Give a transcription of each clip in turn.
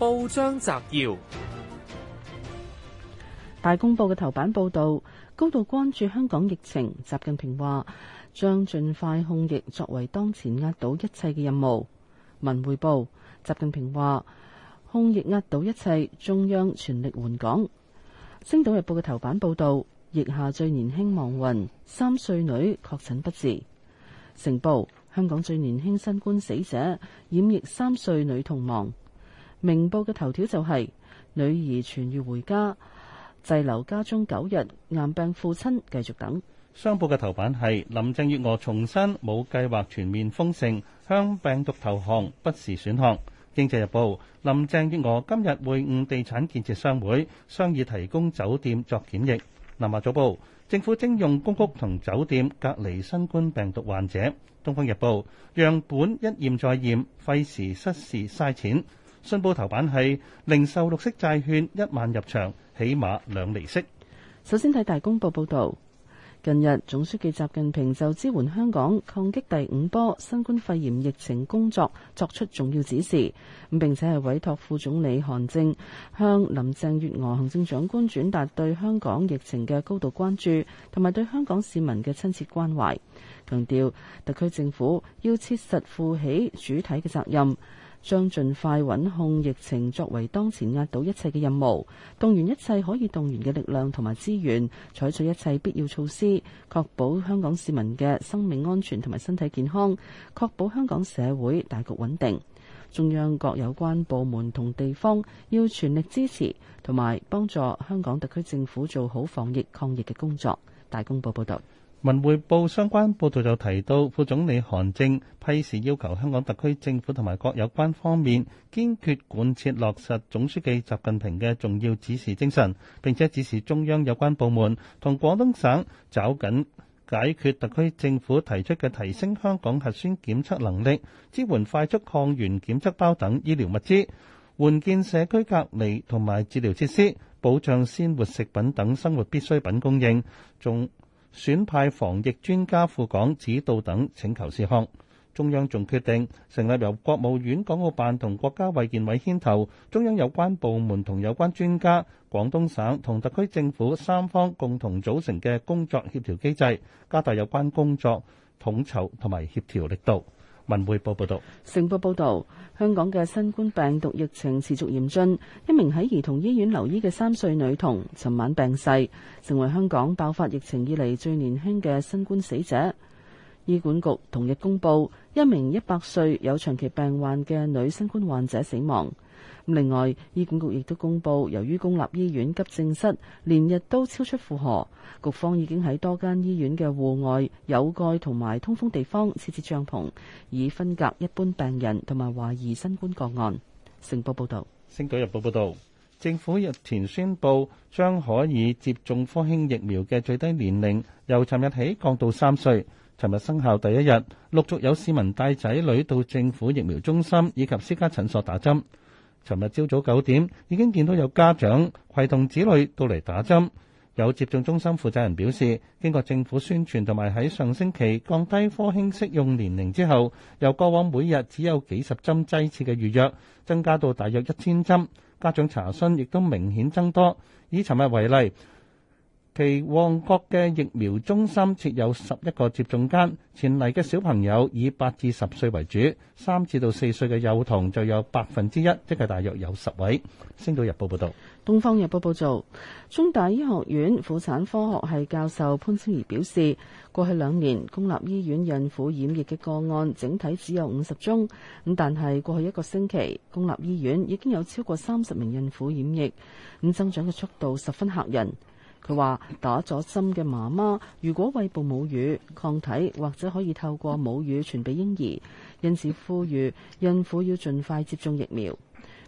報章摘要：大公報嘅頭版報道，高度關注香港疫情。習近平話將盡快控疫作為當前壓倒一切嘅任務。文匯報：習近平話控疫壓倒一切，中央全力援港。星島日報嘅頭版報道：疫下最年輕亡魂，三歲女確診不治。成報：香港最年輕新冠死者，染疫三歲女童亡。明報嘅頭條就係女兒痊愈回家，滯留家中九日，癌病父親繼續等。商報嘅頭版係林鄭月娥重申冇計劃全面封城、向病毒投降，不時選項。經濟日報，林鄭月娥今日會晤地產建設商會，商議提供酒店作檢疫。南華早報，政府徵用公屋同酒店隔離新冠病毒患者。東方日報，樣本一驗再驗，費時失事嘥錢。信報頭版係零售綠色債券一萬入場，起碼兩釐息。首先睇大公報報導，近日總書記習近平就支援香港抗擊第五波新冠肺炎疫情工作作出重要指示，咁並且係委託副總理韓正向林鄭月娥行政長官轉達對香港疫情嘅高度關注，同埋對香港市民嘅親切關懷，強調特區政府要切實負起主體嘅責任。將盡快穩控疫情作為當前壓倒一切嘅任務，動員一切可以動員嘅力量同埋資源，採取一切必要措施，確保香港市民嘅生命安全同埋身體健康，確保香港社會大局穩定。中央各有關部門同地方要全力支持同埋幫助香港特區政府做好防疫抗疫嘅工作。大公報報道。文匯報相關報道就提到，副總理韓正批示要求香港特區政府同埋各有關方面堅決貫徹落實總書記習近平嘅重要指示精神，並且指示中央有關部門同廣東省抓緊解決特區政府提出嘅提升香港核酸檢測能力、支援快速抗原檢測包等醫療物資、援建社區隔離同埋治療設施、保障鮮活食品等生活必需品供應，仲選派防疫專家赴港指導等請求事項，中央仲決定成立由國務院港澳辦同國家衛健委牽頭，中央有關部門同有關專家、廣東省同特區政府三方共同組成嘅工作協調機制，加大有關工作統籌同埋協調力度。文匯報報道，成報報道，香港嘅新冠病毒疫情持續嚴峻。一名喺兒童醫院留醫嘅三歲女童，尋晚病逝，成為香港爆發疫情以嚟最年輕嘅新冠死者。醫管局同日公布，一名一百歲有長期病患嘅女新冠患者死亡。另外，醫管局亦都公布，由於公立醫院急症室連日都超出負荷，局方已經喺多間醫院嘅戶外有蓋同埋通風地方設置帳篷，以分隔一般病人同埋懷疑新冠個案。成報報道。星島日報報道：政府日前宣布將可以接種科興疫苗嘅最低年齡由尋日起降到三歲。尋日生效第一日，陸續有市民帶仔女到政府疫苗中心以及私家診所打針。尋日朝早九點已經見到有家長攜同子女到嚟打針，有接種中心負責人表示，經過政府宣傳同埋喺上星期降低科興適用年齡之後，由過往每日只有幾十針劑次嘅預約，增加到大約一千針，家長查詢亦都明顯增多。以尋日為例。其旺角嘅疫苗中心設有十一個接種間，前嚟嘅小朋友以八至十歲為主，三至到四歲嘅幼童就有百分之一，即係大約有十位。星島日報報道。東方日報報道，中大醫學院婦產科學系教授潘清怡表示，過去兩年公立醫院孕婦染疫嘅個案整體只有五十宗，咁但係過去一個星期公立醫院已經有超過三十名孕婦染疫，咁增長嘅速度十分嚇人。佢話：打咗針嘅媽媽，如果餵哺母乳，抗體或者可以透過母乳傳俾嬰兒。因此呼籲，呼籲孕婦要盡快接種疫苗。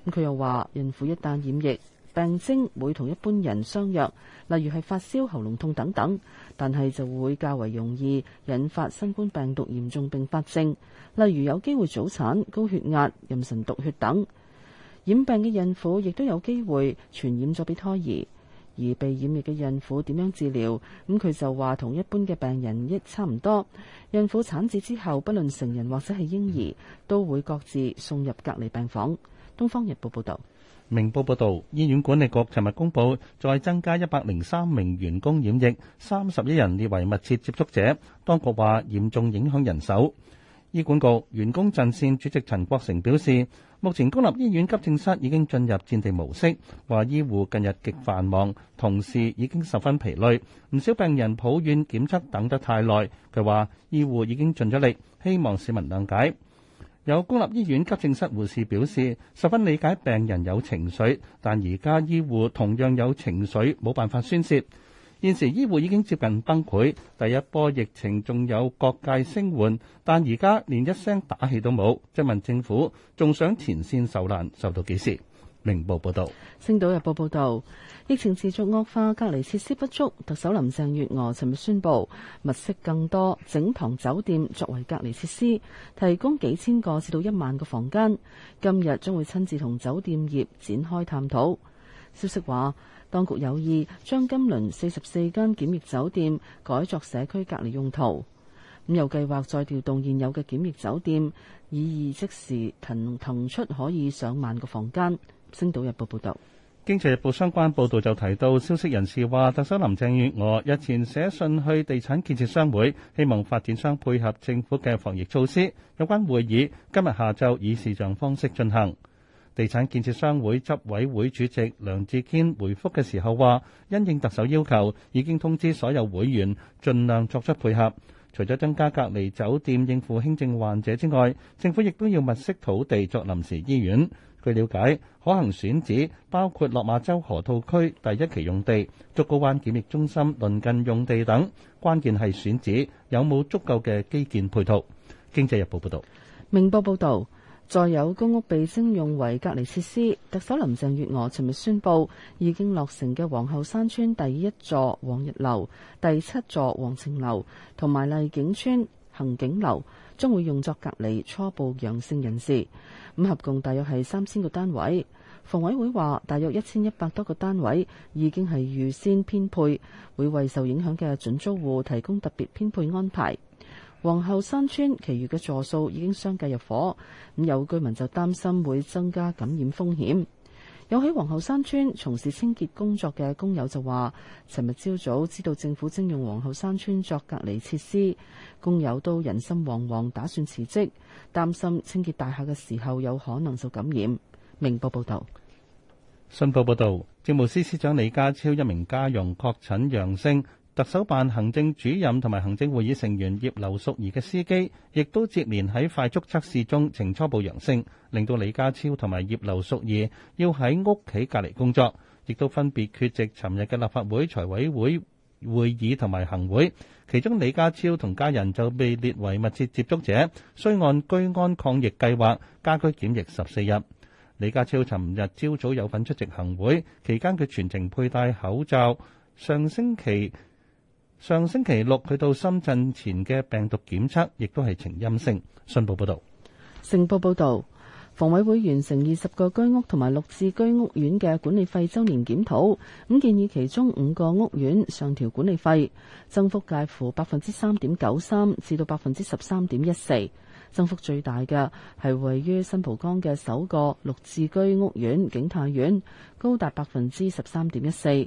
咁佢又話：孕婦一旦染疫，病徵會同一般人相若，例如係發燒、喉嚨痛等等。但係就會較為容易引發新冠病毒嚴重併發症，例如有機會早產、高血壓、妊娠毒血等。染病嘅孕婦亦都有機會傳染咗俾胎兒。而被染疫嘅孕婦點樣治療？咁佢就話同一般嘅病人亦差唔多。孕婦產子之後，不論成人或者係嬰兒，都會各自送入隔離病房。《東方日報》報道。《明報》報道，醫院管理局尋日公佈，再增加一百零三名員工染疫，三十一人列為密切接觸者。當局話嚴重影響人手。醫管局員工陣綫主席陳國成表示，目前公立醫院急症室已經進入戰地模式，話醫護近日極繁忙，同事已經十分疲累，唔少病人抱怨檢測等得太耐。佢話醫護已經盡咗力，希望市民諒解。有公立醫院急症室護士表示，十分理解病人有情緒，但而家醫護同樣有情緒，冇辦法宣泄。現時醫護已經接近崩潰，第一波疫情仲有各界聲援，但而家連一聲打氣都冇。質問政府，仲想前線受難，受到幾時？明報報道。《星島日報》報道：「疫情持續惡化，隔離設施不足。」特首林鄭月娥尋日宣布，物色更多整堂酒店作為隔離設施，提供幾千個至到一萬個房間。今日將會親自同酒店業展開探討。消息話：當局有意將今輪四十四間檢疫酒店改作社區隔離用途，咁又計劃再調動現有嘅檢疫酒店，以二即時騰騰出可以上萬個房間。星島日報報道：《經濟日報》相關報導就提到，消息人士話，特首林鄭月娥日前寫信去地產建設商會，希望發展商配合政府嘅防疫措施。有關會議今日下晝以視像方式進行。地產建設商會執委會主席梁志堅回覆嘅時候話，因應特首要求，已經通知所有會員盡量作出配合。除咗增加隔離酒店應付輕症患者之外，政府亦都要物色土地作臨時醫院。據了解，可行選址包括落馬洲河套區第一期用地、竹篙灣檢疫中心鄰近用地等。關鍵係選址有冇足夠嘅基建配套。經濟日報報道，明報報道。再有公屋被徵用為隔離設施，特首林鄭月娥尋日宣布，已經落成嘅皇后山邨第一座黃日樓、第七座黃晴樓同埋麗景邨恆景樓，將會用作隔離初步陽性人士，五合共大約係三千個單位。房委會話，大約一千一百多個單位已經係預先編配，會為受影響嘅準租戶提供特別編配安排。皇后山村，其餘嘅座數已經相繼入伙，咁有居民就擔心會增加感染風險。有喺皇后山村從事清潔工作嘅工友就話，尋日朝早知道政府徵用皇后山村作隔離設施，工友都人心惶惶，打算辭職，擔心清潔大廈嘅時候有可能就感染。明報報道：「新報報道，政務司司長李家超一名家傭確診陽性。特首辦行政主任同埋行政會議成員葉劉淑儀嘅司機，亦都接連喺快速測試中呈初步陽性，令到李家超同埋葉劉淑儀要喺屋企隔離工作，亦都分別缺席尋日嘅立法會財委會會議同埋行會。其中李家超同家人就被列為密切接觸者，需按居安抗疫計劃家居檢疫十四日。李家超尋日朝早有份出席行會，期間佢全程佩戴口罩。上星期上星期六去到深圳前嘅病毒檢測亦都係呈陰性。信報報道，城報報道，房委會完成二十個居屋同埋綠置居屋苑嘅管理費周年檢討，咁建議其中五個屋苑上調管理費，增幅介乎百分之三點九三至到百分之十三點一四，增幅最大嘅係位於新蒲崗嘅首個綠置居屋苑景泰苑，高達百分之十三點一四。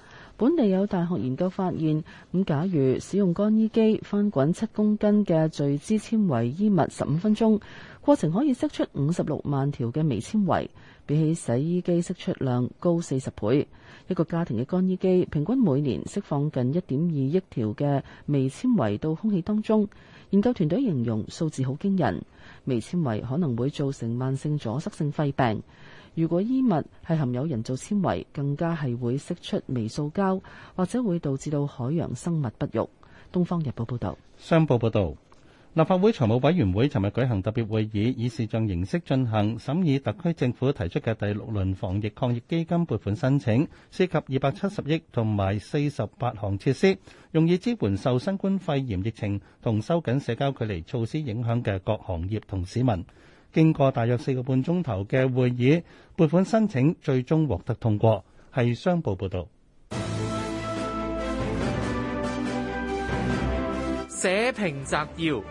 本地有大學研究發現，咁假如使用乾衣機翻滾七公斤嘅聚酯纖維衣物十五分鐘，過程可以釋出五十六萬條嘅微纖維，比起洗衣機釋出量高四十倍。一個家庭嘅乾衣機平均每年釋放近一點二億條嘅微纖維到空氣當中。研究團隊形容數字好驚人，微纖維可能會造成慢性阻塞性肺病。如果衣物係含有人造纖維，更加係會釋出微塑膠，或者會導致到海洋生物不育。《東方日報》報道，商報報道，立法會財務委員會尋日舉行特別會議，以視像形式進行審議特區政府提出嘅第六輪防疫抗疫基金撥款申請，涉及二百七十億同埋四十八項設施，用以支援受新冠肺炎疫情同收緊社交距離措施影響嘅各行業同市民。經過大約四個半鐘頭嘅會議，撥款申請最終獲得通過。係商報報道社評摘要。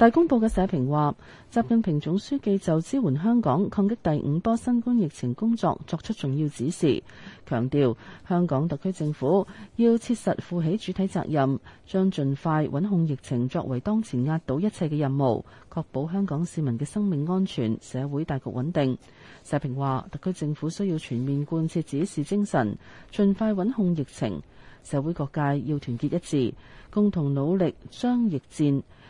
大公報嘅社評話：習近平總書記就支援香港抗擊第五波新冠疫情工作作出重要指示，強調香港特區政府要切實負起主體責任，將盡快穩控疫情作為當前壓倒一切嘅任務，確保香港市民嘅生命安全、社會大局穩定。社評話：特區政府需要全面貫徹指示精神，盡快穩控疫情；社會各界要團結一致，共同努力將疫戰。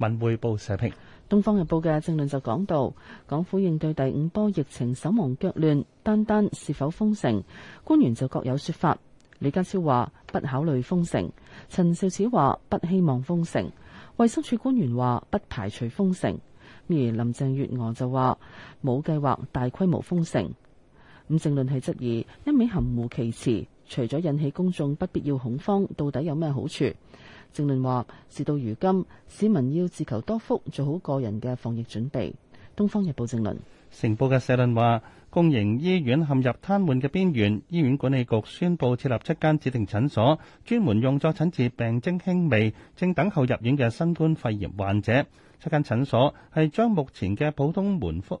文匯報社評，《東方日報》嘅政論就講到，港府應對第五波疫情手忙腳亂，單單是否封城，官員就各有說法。李家超話不考慮封城，陳肇始話不希望封城，衛生署官員話不排除封城，而林鄭月娥就話冇計劃大規模封城。咁政論係質疑，一味含糊其辭，除咗引起公眾不必要恐慌，到底有咩好處？政論話：事到如今，市民要自求多福，做好個人嘅防疫準備。東方日報政論。成報嘅社論話：公營醫院陷入癱瘓嘅邊緣，醫院管理局宣布設立七間指定診所，專門用作診治病徵輕微、正等候入院嘅新冠肺炎患者。七間診所係將目前嘅普通門複。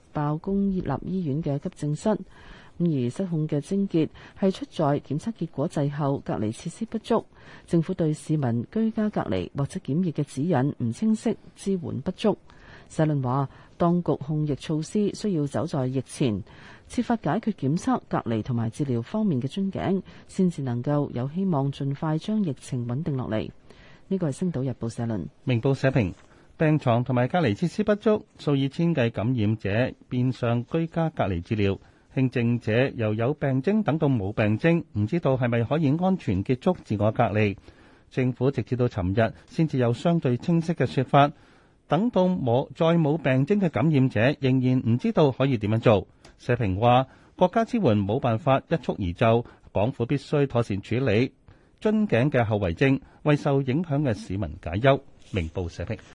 爆公立醫院嘅急症室，咁而失控嘅症結係出在檢測結果滯後、隔離設施不足，政府對市民居家隔離或者檢疫嘅指引唔清晰、支援不足。社論話，當局控疫措施需要走在疫前，設法解決檢測、隔離同埋治療方面嘅樽頸，先至能夠有希望盡快將疫情穩定落嚟。呢個係《星島日報》社論，《明報》社評。病床同埋隔離設施不足，數以千計感染者變相居家隔離治療。輕症者又有病徵，等到冇病徵，唔知道係咪可以安全結束自我隔離。政府直至到尋日先至有相對清晰嘅説法。等到冇再冇病徵嘅感染者，仍然唔知道可以點樣做。社評話：國家支援冇辦法一蹴而就，港府必須妥善處理樽頸嘅後遺症，為受影響嘅市民解憂。明報社評。